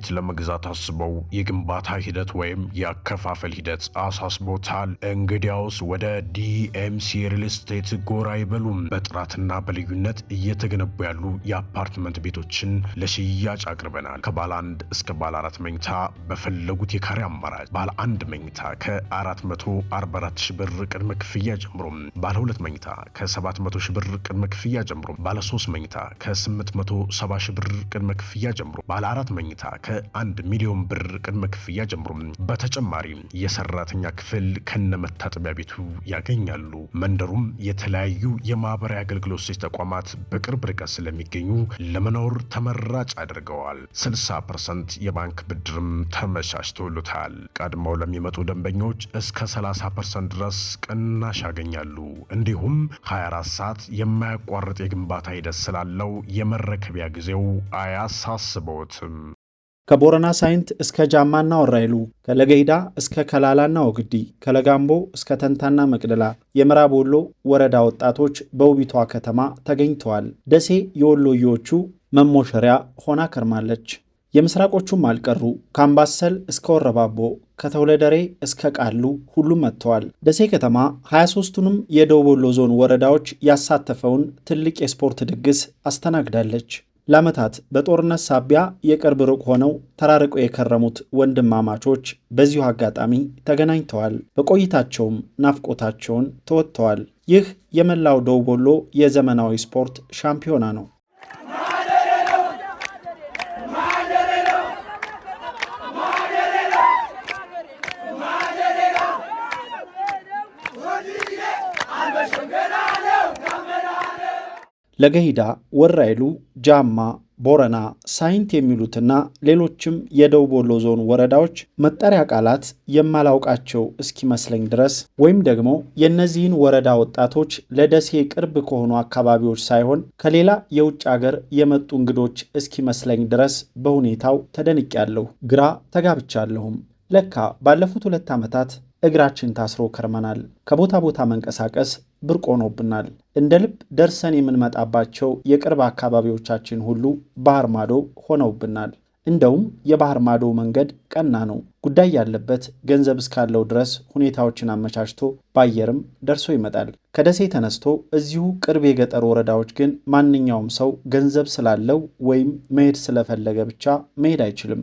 ቤት ለመግዛት አስበው የግንባታ ሂደት ወይም የአከፋፈል ሂደት አሳስቦታል? እንግዲያውስ ወደ ዲኤምሲ ሪል ስቴት ጎራ አይበሉም። በጥራትና በልዩነት እየተገነቡ ያሉ የአፓርትመንት ቤቶችን ለሽያጭ አቅርበናል። ከባለ አንድ እስከ ባለ አራት መኝታ በፈለጉት የካሬ አማራጭ ባለ አንድ መኝታ ከ444 ሺህ ብር ቅድመ ክፍያ ጀምሮ፣ ባለ ሁለት መኝታ ከ700 ሺህ ብር ቅድመ ክፍያ ጀምሮ፣ ባለ ሶስት መኝታ ከ870 ሺህ ብር ቅድመ ክፍያ ጀምሮ፣ ባለ አራት መኝታ ከ አንድ ሚሊዮን ብር ቅድመ ክፍያ ጀምሮ በተጨማሪ የሰራተኛ ክፍል ከነመታጠቢያ ቤቱ ያገኛሉ። መንደሩም የተለያዩ የማህበራዊ አገልግሎት ሰጪ ተቋማት በቅርብ ርቀት ስለሚገኙ ለመኖር ተመራጭ አድርገዋል። 60 ፐርሰንት የባንክ ብድርም ተመቻችቶሉታል። ቀድመው ለሚመጡ ደንበኞች እስከ 30 ፐርሰንት ድረስ ቅናሽ ያገኛሉ። እንዲሁም 24 ሰዓት የማያቋርጥ የግንባታ ሂደት ስላለው የመረከቢያ ጊዜው አያሳስበዎትም። ከቦረና ሳይንት እስከ ጃማና ወራይሉ፣ ከለገይዳ እስከ ከላላና ወግዲ፣ ከለጋምቦ እስከ ተንታና መቅደላ የምዕራብ ወሎ ወረዳ ወጣቶች በውቢቷ ከተማ ተገኝተዋል። ደሴ የወሎዮቹ መሞሸሪያ ሆና ከርማለች። የምስራቆቹም አልቀሩ። ከአምባሰል እስከ ወረባቦ ከተውለደሬ እስከ ቃሉ ሁሉም መጥተዋል። ደሴ ከተማ 23ቱንም የደቡብ ወሎ ዞን ወረዳዎች ያሳተፈውን ትልቅ የስፖርት ድግስ አስተናግዳለች። ለዓመታት በጦርነት ሳቢያ የቅርብ ሩቅ ሆነው ተራርቀው የከረሙት ወንድማማቾች በዚሁ አጋጣሚ ተገናኝተዋል። በቆይታቸውም ናፍቆታቸውን ተወጥተዋል። ይህ የመላው ደቡብ ወሎ የዘመናዊ ስፖርት ሻምፒዮና ነው። ለገሂዳ፣ ወራይሉ፣ ጃማ፣ ቦረና፣ ሳይንት የሚሉትና ሌሎችም የደቡብ ወሎ ዞን ወረዳዎች መጠሪያ ቃላት የማላውቃቸው እስኪመስለኝ ድረስ ወይም ደግሞ የእነዚህን ወረዳ ወጣቶች ለደሴ ቅርብ ከሆኑ አካባቢዎች ሳይሆን ከሌላ የውጭ አገር የመጡ እንግዶች እስኪመስለኝ ድረስ በሁኔታው ተደንቅያለሁ፣ ግራ ተጋብቻለሁም። ለካ ባለፉት ሁለት ዓመታት እግራችን ታስሮ ከርመናል። ከቦታ ቦታ መንቀሳቀስ ብርቅ ሆኖብናል። እንደ ልብ ደርሰን የምንመጣባቸው የቅርብ አካባቢዎቻችን ሁሉ ባህር ማዶ ሆነውብናል። እንደውም የባህር ማዶ መንገድ ቀና ነው። ጉዳይ ያለበት ገንዘብ እስካለው ድረስ ሁኔታዎችን አመቻችቶ በአየርም ደርሶ ይመጣል። ከደሴ ተነስቶ እዚሁ ቅርብ የገጠር ወረዳዎች ግን ማንኛውም ሰው ገንዘብ ስላለው ወይም መሄድ ስለፈለገ ብቻ መሄድ አይችልም።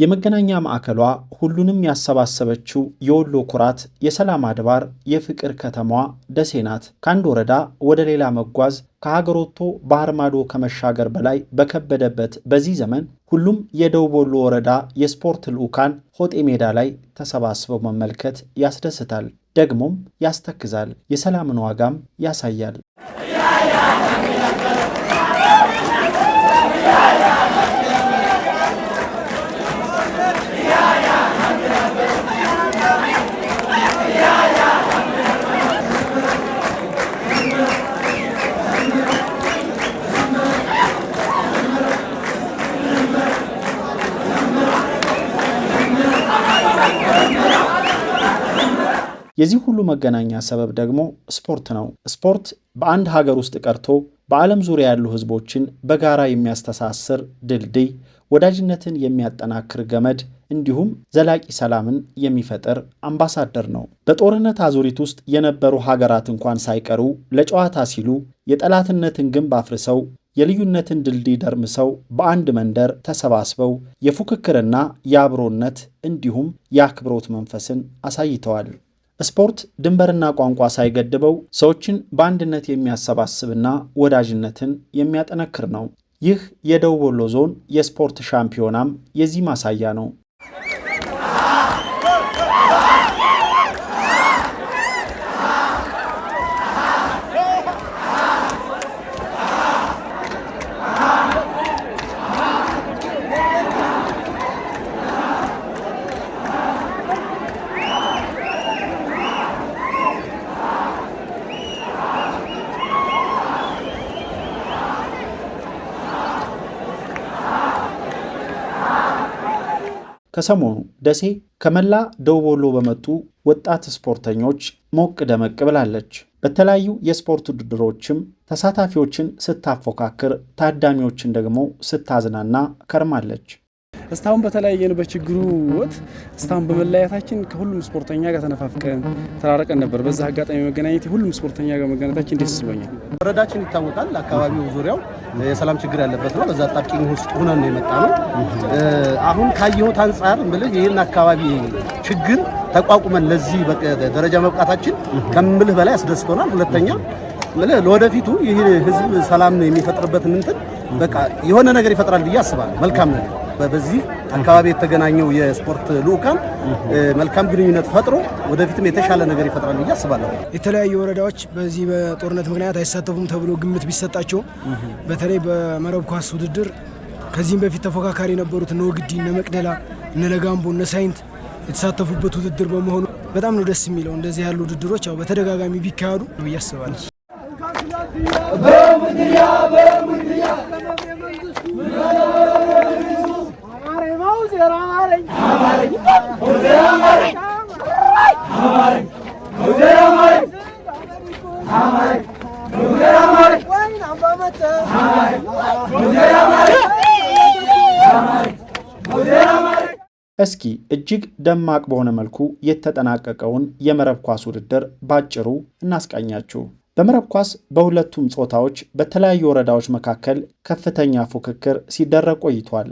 የመገናኛ ማዕከሏ ሁሉንም ያሰባሰበችው የወሎ ኩራት የሰላም አድባር የፍቅር ከተማዋ ደሴ ናት። ከአንድ ወረዳ ወደ ሌላ መጓዝ ከሀገር ወጥቶ ባህር ማዶ ከመሻገር በላይ በከበደበት በዚህ ዘመን ሁሉም የደቡብ ወሎ ወረዳ የስፖርት ልዑካን ሆጤ ሜዳ ላይ ተሰባስበው መመልከት ያስደስታል፣ ደግሞም ያስተክዛል፣ የሰላምን ዋጋም ያሳያል። የዚህ ሁሉ መገናኛ ሰበብ ደግሞ ስፖርት ነው። ስፖርት በአንድ ሀገር ውስጥ ቀርቶ በዓለም ዙሪያ ያሉ ህዝቦችን በጋራ የሚያስተሳስር ድልድይ፣ ወዳጅነትን የሚያጠናክር ገመድ እንዲሁም ዘላቂ ሰላምን የሚፈጥር አምባሳደር ነው። በጦርነት አዙሪት ውስጥ የነበሩ ሀገራት እንኳን ሳይቀሩ ለጨዋታ ሲሉ የጠላትነትን ግንብ አፍርሰው የልዩነትን ድልድይ ደርምሰው በአንድ መንደር ተሰባስበው የፉክክርና የአብሮነት እንዲሁም የአክብሮት መንፈስን አሳይተዋል። ስፖርት ድንበርና ቋንቋ ሳይገድበው ሰዎችን በአንድነት የሚያሰባስብና ወዳጅነትን የሚያጠነክር ነው። ይህ የደቡብ ወሎ ዞን የስፖርት ሻምፒዮናም የዚህ ማሳያ ነው። ከሰሞኑ ደሴ ከመላ ደቡብ ወሎ በመጡ ወጣት ስፖርተኞች ሞቅ ደመቅ ብላለች። በተለያዩ የስፖርት ውድድሮችም ተሳታፊዎችን ስታፎካክር፣ ታዳሚዎችን ደግሞ ስታዝናና ከርማለች። እስታሁን በተለያየንበት በችግሩ ወት እስታሁን በመለያየታችን ከሁሉም ስፖርተኛ ጋር ተነፋፍቀን ተራርቀን ነበር። በዛ አጋጣሚ መገናኘት ሁሉም ስፖርተኛ ጋር መገናኘታችን ደስ ብሎኛል። ወረዳችን ይታወቃል። አካባቢው ዙሪያው የሰላም ችግር ያለበት ነው። በዛ ጣብቂኝ ውስጥ ሆነን ነው የመጣ ነው። አሁን ካየሁት አንጻር ምልህ ይህን አካባቢ ችግር ተቋቁመን ለዚህ ደረጃ መብቃታችን ከምልህ በላይ አስደስቶናል። ሁለተኛ ለወደፊቱ ይህ ህዝብ ሰላም የሚፈጥርበት እንትን በቃ የሆነ ነገር ይፈጥራል ብዬ አስባለሁ። መልካም ነገር በዚህ አካባቢ የተገናኘው የስፖርት ልዑካን መልካም ግንኙነት ፈጥሮ ወደፊትም የተሻለ ነገር ይፈጥራል ብዬ አስባለሁ። የተለያዩ ወረዳዎች በዚህ በጦርነት ምክንያት አይሳተፉም ተብሎ ግምት ቢሰጣቸውም በተለይ በመረብ ኳስ ውድድር ከዚህም በፊት ተፎካካሪ የነበሩት እነ ወግዲ፣ እነ መቅደላ፣ እነ ለጋምቦ፣ እነ ሳይንት የተሳተፉበት ውድድር በመሆኑ በጣም ነው ደስ የሚለው። እንደዚህ ያሉ ውድድሮች ያው በተደጋጋሚ ቢካሄዱ ነው ብዬ አስባለሁ። እስኪ እጅግ ደማቅ በሆነ መልኩ የተጠናቀቀውን የመረብ ኳስ ውድድር ባጭሩ እናስቃኛችሁ። በመረብ ኳስ በሁለቱም ጾታዎች በተለያዩ ወረዳዎች መካከል ከፍተኛ ፉክክር ሲደረግ ቆይቷል።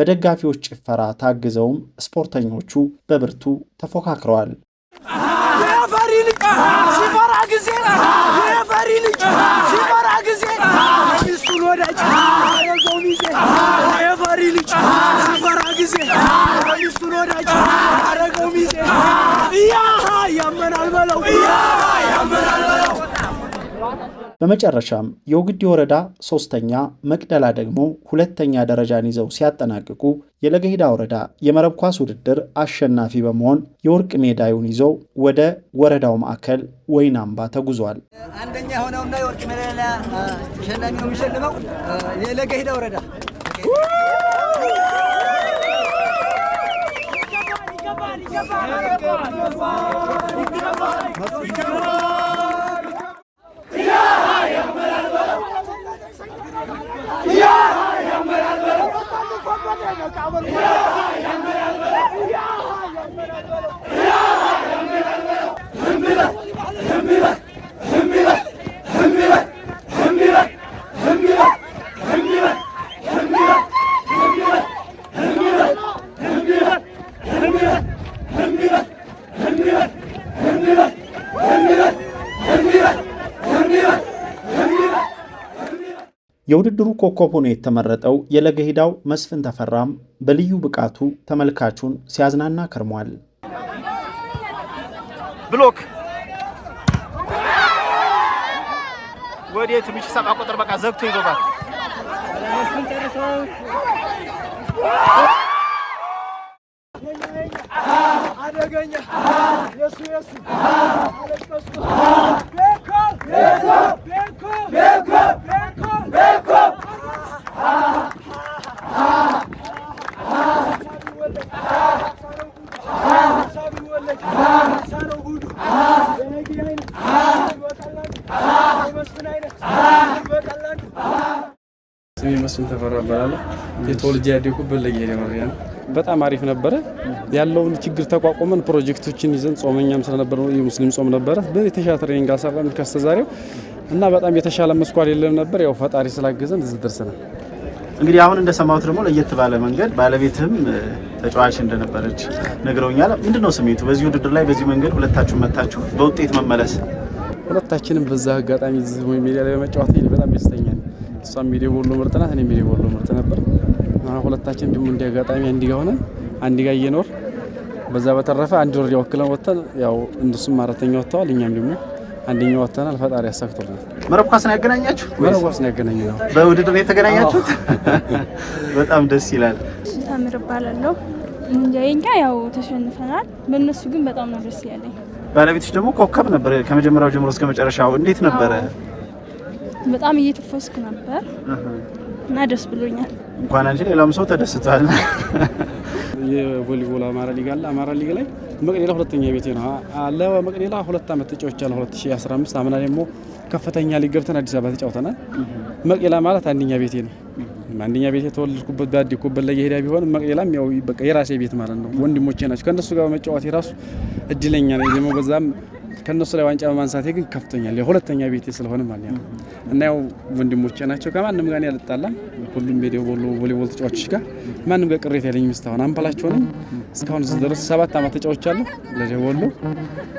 በደጋፊዎች ጭፈራ ታግዘውም ስፖርተኞቹ በብርቱ ተፎካክረዋል። በመጨረሻም የወግዲ ወረዳ ሶስተኛ፣ መቅደላ ደግሞ ሁለተኛ ደረጃን ይዘው ሲያጠናቅቁ የለገሂዳ ወረዳ የመረብ ኳስ ውድድር አሸናፊ በመሆን የወርቅ ሜዳዩን ይዘው ወደ ወረዳው ማዕከል ወይናምባ ተጉዟል። አንደኛ የሆነውና የወርቅ ሜዳሊያ አሸናፊ ነው የሚሸልመው የለገሂዳ ወረዳ calma, não vai. የውድድሩ ኮከብ ሆኖ የተመረጠው የለገሂዳው መስፍን ተፈራም በልዩ ብቃቱ ተመልካቹን ሲያዝናና ከርሟል። ብሎክ ወዴት ምች ሰባ ቁጥር በቃ ዘግቶ ይዞታል። አደገኛ ስሜ መስፍን ተፈራ እባላለሁ። የተወልጄ ያደኩበት ለጌዴ መብያ ነው። በጣም አሪፍ ነበረ። ያለውን ችግር ተቋቁመን ፕሮጀክቶችን ይዘን ጾመኛም ስለነበረ የሙስሊም ጾም ነበረ የተሻለ ትሬኒንግ አሰራን ከስተዛሬው እና በጣም የተሻለ መስኳል የለም ነበር። ያው ፈጣሪ ስላገዘን እዚህ ደርሰናል። እንግዲህ አሁን እንደሰማሁት ደግሞ ለየት ባለ መንገድ ባለቤትም ተጫዋች እንደነበረች ነግረውኛል። ምንድን ነው ስሜቱ በዚህ ውድድር ላይ በዚህ መንገድ ሁለታችሁ መታችሁ በውጤት መመለስ? ሁለታችንም በዛ አጋጣሚ ሚዲያ ላይ በመጫወት በጣም ደስተኛ ነኝ። ሚዲያ ወሎ ምርጥ ናት፣ እኔ ሚዲያ ወሎ ምርጥ ነበር። ሁለታችን ደግሞ እንዲህ አጋጣሚ አንድ ጋ ሆነን አንድ ጋ እየኖር በዛ በተረፈ አንድ ወር ያወክለን ወጥተን ያው እንደሱም አራተኛ ወጥተዋል፣ እኛም ደግሞ አንደኛው ወጥተናል። ፈጣሪ ያሳክቶልናል። መረብ ኳስ ነው ያገናኛችሁ? መረብ ኳስ ነው ያገናኘነው። በውድድር ነው የተገናኛችሁት? በጣም ደስ ይላል። ታምር እባላለሁ። እንጃ ያው ተሸንፈናል፣ በእነሱ ግን በጣም ነው ደስ ያለኝ። ባለቤትሽ ደግሞ ኮከብ ነበር ከመጀመሪያው ጀምሮ እስከ መጨረሻው። እንዴት ነበረ? በጣም እየተፈስኩ ነበር እና ደስ ብሎኛል። እንኳን አንቺ ሌላም ሰው ተደስቷል። የቮሊቦል አማራ ሊግ አለ። አማራ ሊግ ላይ መቅደላ ሁለተኛ ቤቴ ነው አለ። መቅደላ ሁለት ዓመት ተጫውቻለሁ። 2015 አምና ደግሞ ከፍተኛ ሊግ ገብተን አዲስ አበባ ተጫውተናል። መቅደላ ማለት አንደኛ ቤቴ ነው። አንደኛ ቤቴ የተወለድኩበት ባደግኩበት ላይ የሄዳ ቢሆን መቅደላም ያው በቃ የራሴ ቤት ማለት ነው። ወንድሞቼ ናቸው። ከእነሱ ጋር መጫወት የራሱ እድለኛ ነው። ደግሞ በዛም ከነሱ ላይ ዋንጫ በማንሳቴ ግን ከፍቶኛል። የሁለተኛ ቤቴ ስለሆነ ማለት ነው እና ያው ወንድሞቼ ናቸው። ከማንም ጋር ያልጣላ ሁሉም ቤዴ ቦሎ ቮሊቦል ተጫዋቾች ጋር ማንም ጋር ቅሬታ ያለኝ ምስታሁን አምባላቸው ነኝ። እስካሁን ድረስ ሰባት ዓመት ተጫውቻለሁ ለደወሎ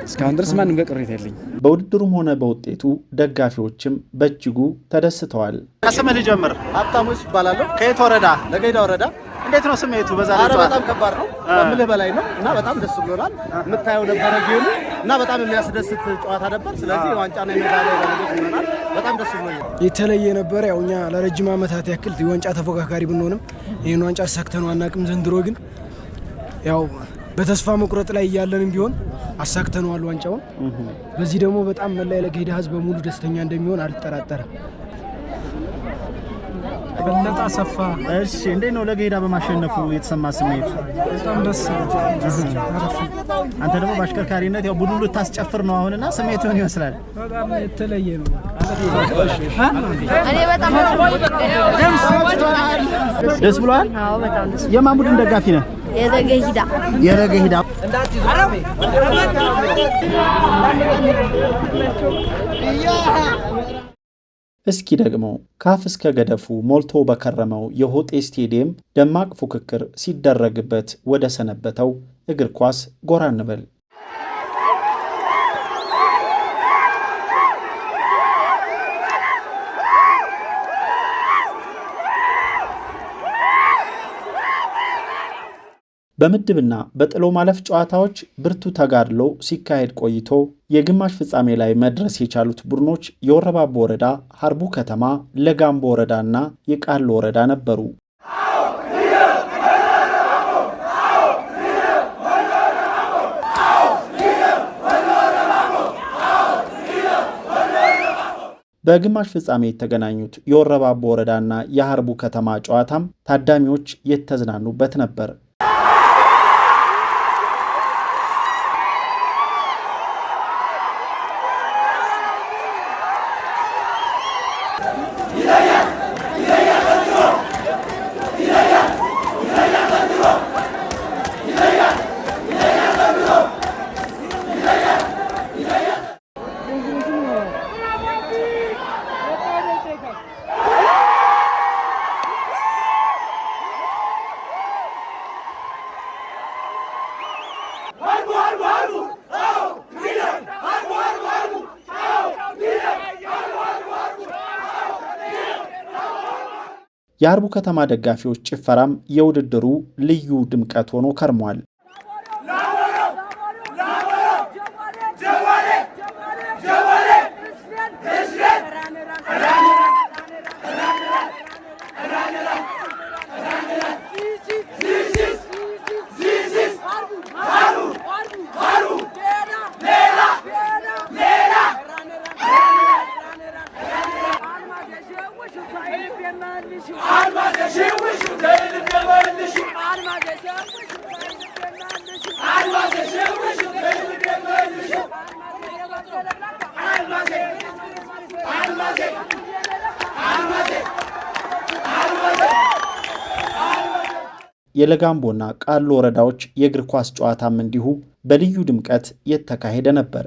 እስካሁን ድረስ ማንም ጋር ቅሬታ ያለኝ። በውድድሩም ሆነ በውጤቱ ደጋፊዎችም በእጅጉ ተደስተዋል። ከስም ልጀምር። ሀብታሙ ይባላለሁ። ከየት ወረዳ? ለገዳ ወረዳ እንዴት ነው ስሜቱ? በዛ ላይ በጣም ከባድ ነው፣ ከምልህ በላይ ነው እና በጣም ደስ ብሎናል። የምታየው ነበረ ጌሙ እና በጣም የሚያስደስት ጨዋታ ነበር። ስለዚህ ዋንጫ ነው የሚባለው ይሆናል። በጣም ደስ ብሎናል። የተለየ ነበረ። ያው እኛ ለረጅም ዓመታት ያክል የዋንጫ ተፎካካሪ ብንሆንም ይህን ዋንጫ ሳክተን አናውቅም። ዘንድሮ ግን ያው በተስፋ መቁረጥ ላይ እያለንም ቢሆን አሳክተነዋል ዋንጫውን። በዚህ ደግሞ በጣም መላ ለገዳ ህዝብ በሙሉ ደስተኛ እንደሚሆን አልጠራጠርም። በለጠ አሰፋ። እሺ፣ እንዴት ነው ለገዳ በማሸነፉ የተሰማ ስሜት? በጣም ደስ አንተ ደግሞ በአሽከርካሪነት ያው ቡድኑ ልታስጨፍር ነው አሁንና ስሜት ሆን ይመስላል። በጣም የተለየ ነው። እኔ በጣም ደስ ብሏል። የማን ቡድን ደጋፊ ነህ? የረገ ሂዳ እስኪ ደግሞ ካፍ እስከ ገደፉ ሞልቶ በከረመው የሆጤ ስቴዲየም ደማቅ ፉክክር ሲደረግበት ወደ ሰነበተው እግር ኳስ ጎራ እንበል። በምድብና በጥሎ ማለፍ ጨዋታዎች ብርቱ ተጋድሎ ሲካሄድ ቆይቶ የግማሽ ፍጻሜ ላይ መድረስ የቻሉት ቡድኖች የወረባቦ ወረዳ፣ ሀርቡ ከተማ፣ ለጋምቦ ወረዳና የቃሉ ወረዳ ነበሩ። በግማሽ ፍጻሜ የተገናኙት የወረባቦ ወረዳና የሀርቡ ከተማ ጨዋታም ታዳሚዎች የተዝናኑበት ነበር። የአርቡ ከተማ ደጋፊዎች ጭፈራም የውድድሩ ልዩ ድምቀት ሆኖ ከርሟል። የለጋምቦና ቃሉ ወረዳዎች የእግር ኳስ ጨዋታም እንዲሁ በልዩ ድምቀት የተካሄደ ነበር።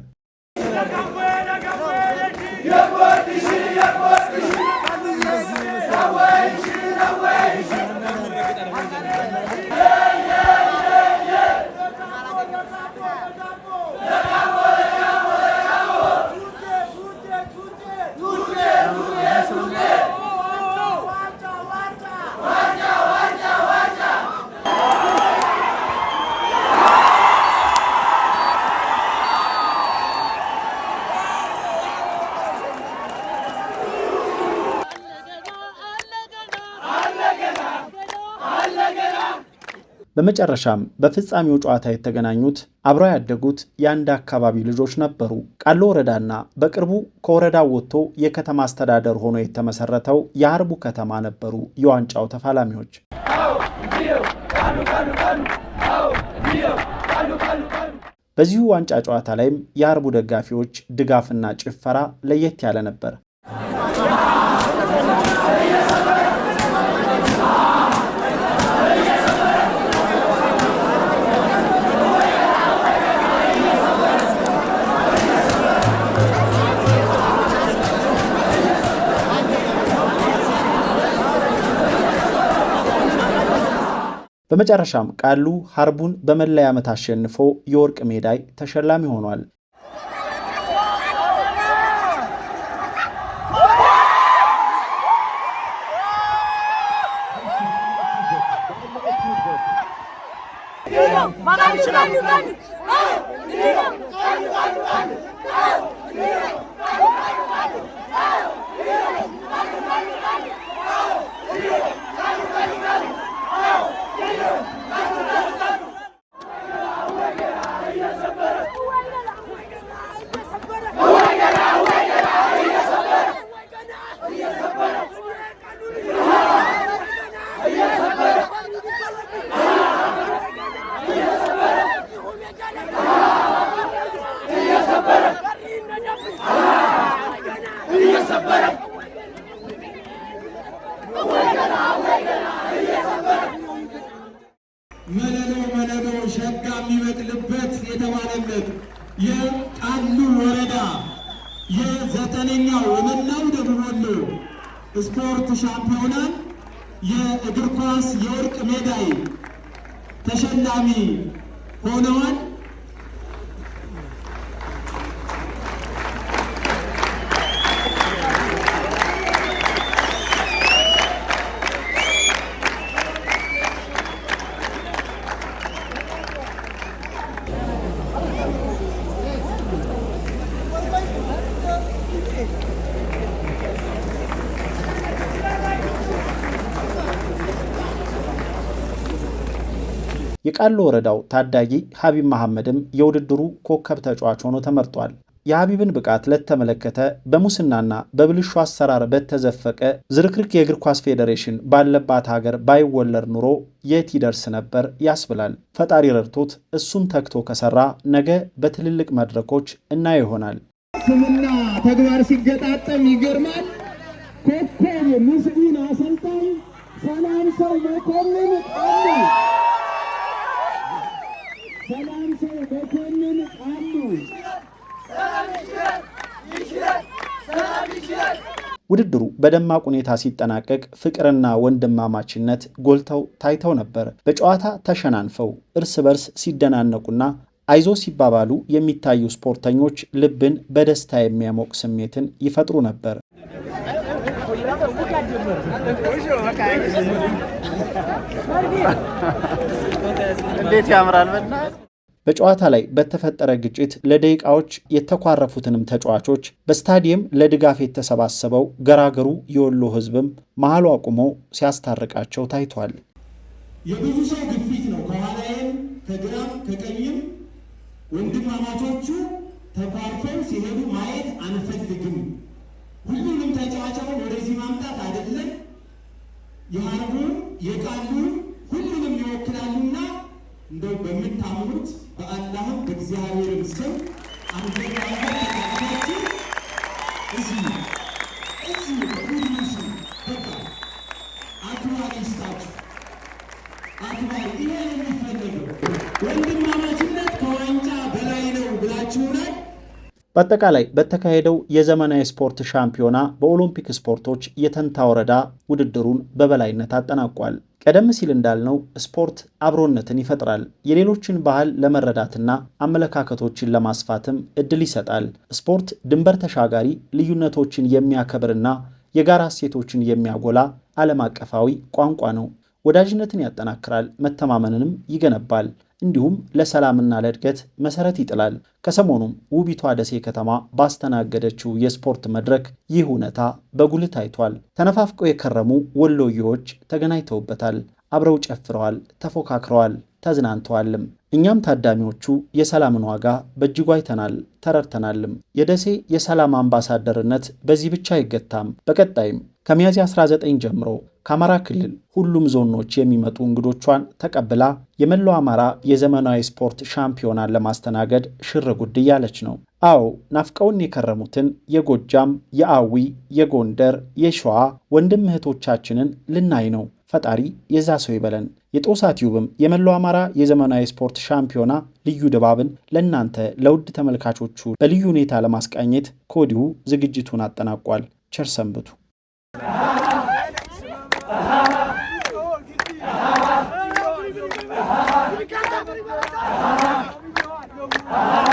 በመጨረሻም በፍጻሜው ጨዋታ የተገናኙት አብረው ያደጉት የአንድ አካባቢ ልጆች ነበሩ። ቃሎ ወረዳና በቅርቡ ከወረዳው ወጥቶ የከተማ አስተዳደር ሆኖ የተመሰረተው የአርቡ ከተማ ነበሩ የዋንጫው ተፋላሚዎች። በዚሁ ዋንጫ ጨዋታ ላይም የአርቡ ደጋፊዎች ድጋፍና ጭፈራ ለየት ያለ ነበር። በመጨረሻም ቃሉ ሀርቡን በመለያ ዓመት አሸንፎ የወርቅ ሜዳይ ተሸላሚ ሆኗል። የሚበቅልበት የተባለለት የቃሉ ወረዳ የዘጠነኛው የመላው ደቡብ ወሎ ስፖርት ሻምፒዮና የእግር ኳስ የወርቅ ሜዳይ ተሸላሚ ሆነዋል። የቃሉ ወረዳው ታዳጊ ሀቢብ መሐመድም የውድድሩ ኮከብ ተጫዋች ሆኖ ተመርጧል። የሀቢብን ብቃት ለተመለከተ በሙስናና በብልሹ አሰራር በተዘፈቀ ዝርክርክ የእግር ኳስ ፌዴሬሽን ባለባት ሀገር ባይወለድ ኑሮ የት ይደርስ ነበር ያስብላል። ፈጣሪ ረድቶት እሱን ተግቶ ከሰራ ነገ በትልልቅ መድረኮች እና ይሆናል። ስምና ተግባር ሲገጣጠም ይገርማል። ኮከብ ምስጉን አሰልጣኝ ሰላም ሰው መኮንን መኮንን አሉ። ውድድሩ በደማቅ ሁኔታ ሲጠናቀቅ ፍቅርና ወንድማማችነት ጎልተው ታይተው ነበር። በጨዋታ ተሸናንፈው እርስ በርስ ሲደናነቁና አይዞ ሲባባሉ የሚታዩ ስፖርተኞች ልብን በደስታ የሚያሞቅ ስሜትን ይፈጥሩ ነበር። እንዴት ያምራል! በጨዋታ ላይ በተፈጠረ ግጭት ለደቂቃዎች የተኳረፉትንም ተጫዋቾች በስታዲየም ለድጋፍ የተሰባሰበው ገራገሩ የወሎ ህዝብም መሀሉ አቁሞ ሲያስታርቃቸው ታይቷል። የብዙ ሰው ግፊት ነው። ከኋላዬም ከግራም ከቀኝም ወንድማማቾቹ ተኳርፈን ሲሄዱ ማየት አንፈልግም። ሁሉንም ተጫዋቻውን ወደዚህ ማምጣት አይደለም የሀርቡን የቃሉን እንደው በምታምኑት በአላህም በእግዚአብሔርም ስም እዚህ በአጠቃላይ በተካሄደው የዘመናዊ ስፖርት ሻምፒዮና በኦሎምፒክ ስፖርቶች የተንታ ወረዳ ውድድሩን በበላይነት አጠናቋል። ቀደም ሲል እንዳልነው ስፖርት አብሮነትን ይፈጥራል። የሌሎችን ባህል ለመረዳትና አመለካከቶችን ለማስፋትም እድል ይሰጣል። ስፖርት ድንበር ተሻጋሪ ልዩነቶችን የሚያከብርና የጋራ እሴቶችን የሚያጎላ ዓለም አቀፋዊ ቋንቋ ነው። ወዳጅነትን ያጠናክራል፣ መተማመንንም ይገነባል። እንዲሁም ለሰላምና ለእድገት መሰረት ይጥላል። ከሰሞኑም ውቢቷ ደሴ ከተማ ባስተናገደችው የስፖርት መድረክ ይህ እውነታ በጉል ታይቷል። ተነፋፍቀው የከረሙ ወሎዬዎች ተገናኝተውበታል። አብረው ጨፍረዋል፣ ተፎካክረዋል፣ ተዝናንተዋልም። እኛም ታዳሚዎቹ የሰላምን ዋጋ በእጅጉ አይተናል፣ ተረድተናልም። የደሴ የሰላም አምባሳደርነት በዚህ ብቻ አይገታም። በቀጣይም ከሚያዝያ 19 ጀምሮ ከአማራ ክልል ሁሉም ዞኖች የሚመጡ እንግዶቿን ተቀብላ የመላው አማራ የዘመናዊ ስፖርት ሻምፒዮናን ለማስተናገድ ሽር ጉድ እያለች ነው። አዎ ናፍቀውን የከረሙትን የጎጃም፣ የአዊ፣ የጎንደር፣ የሸዋ ወንድም እህቶቻችንን ልናይ ነው። ፈጣሪ የዛ ሰው ይበለን። የጦሳ ቲዩብም የመላው አማራ የዘመናዊ ስፖርት ሻምፒዮና ልዩ ድባብን ለእናንተ ለውድ ተመልካቾቹ በልዩ ሁኔታ ለማስቃኘት ከወዲሁ ዝግጅቱን አጠናቋል። ቸር ሰንብቱ። Amen.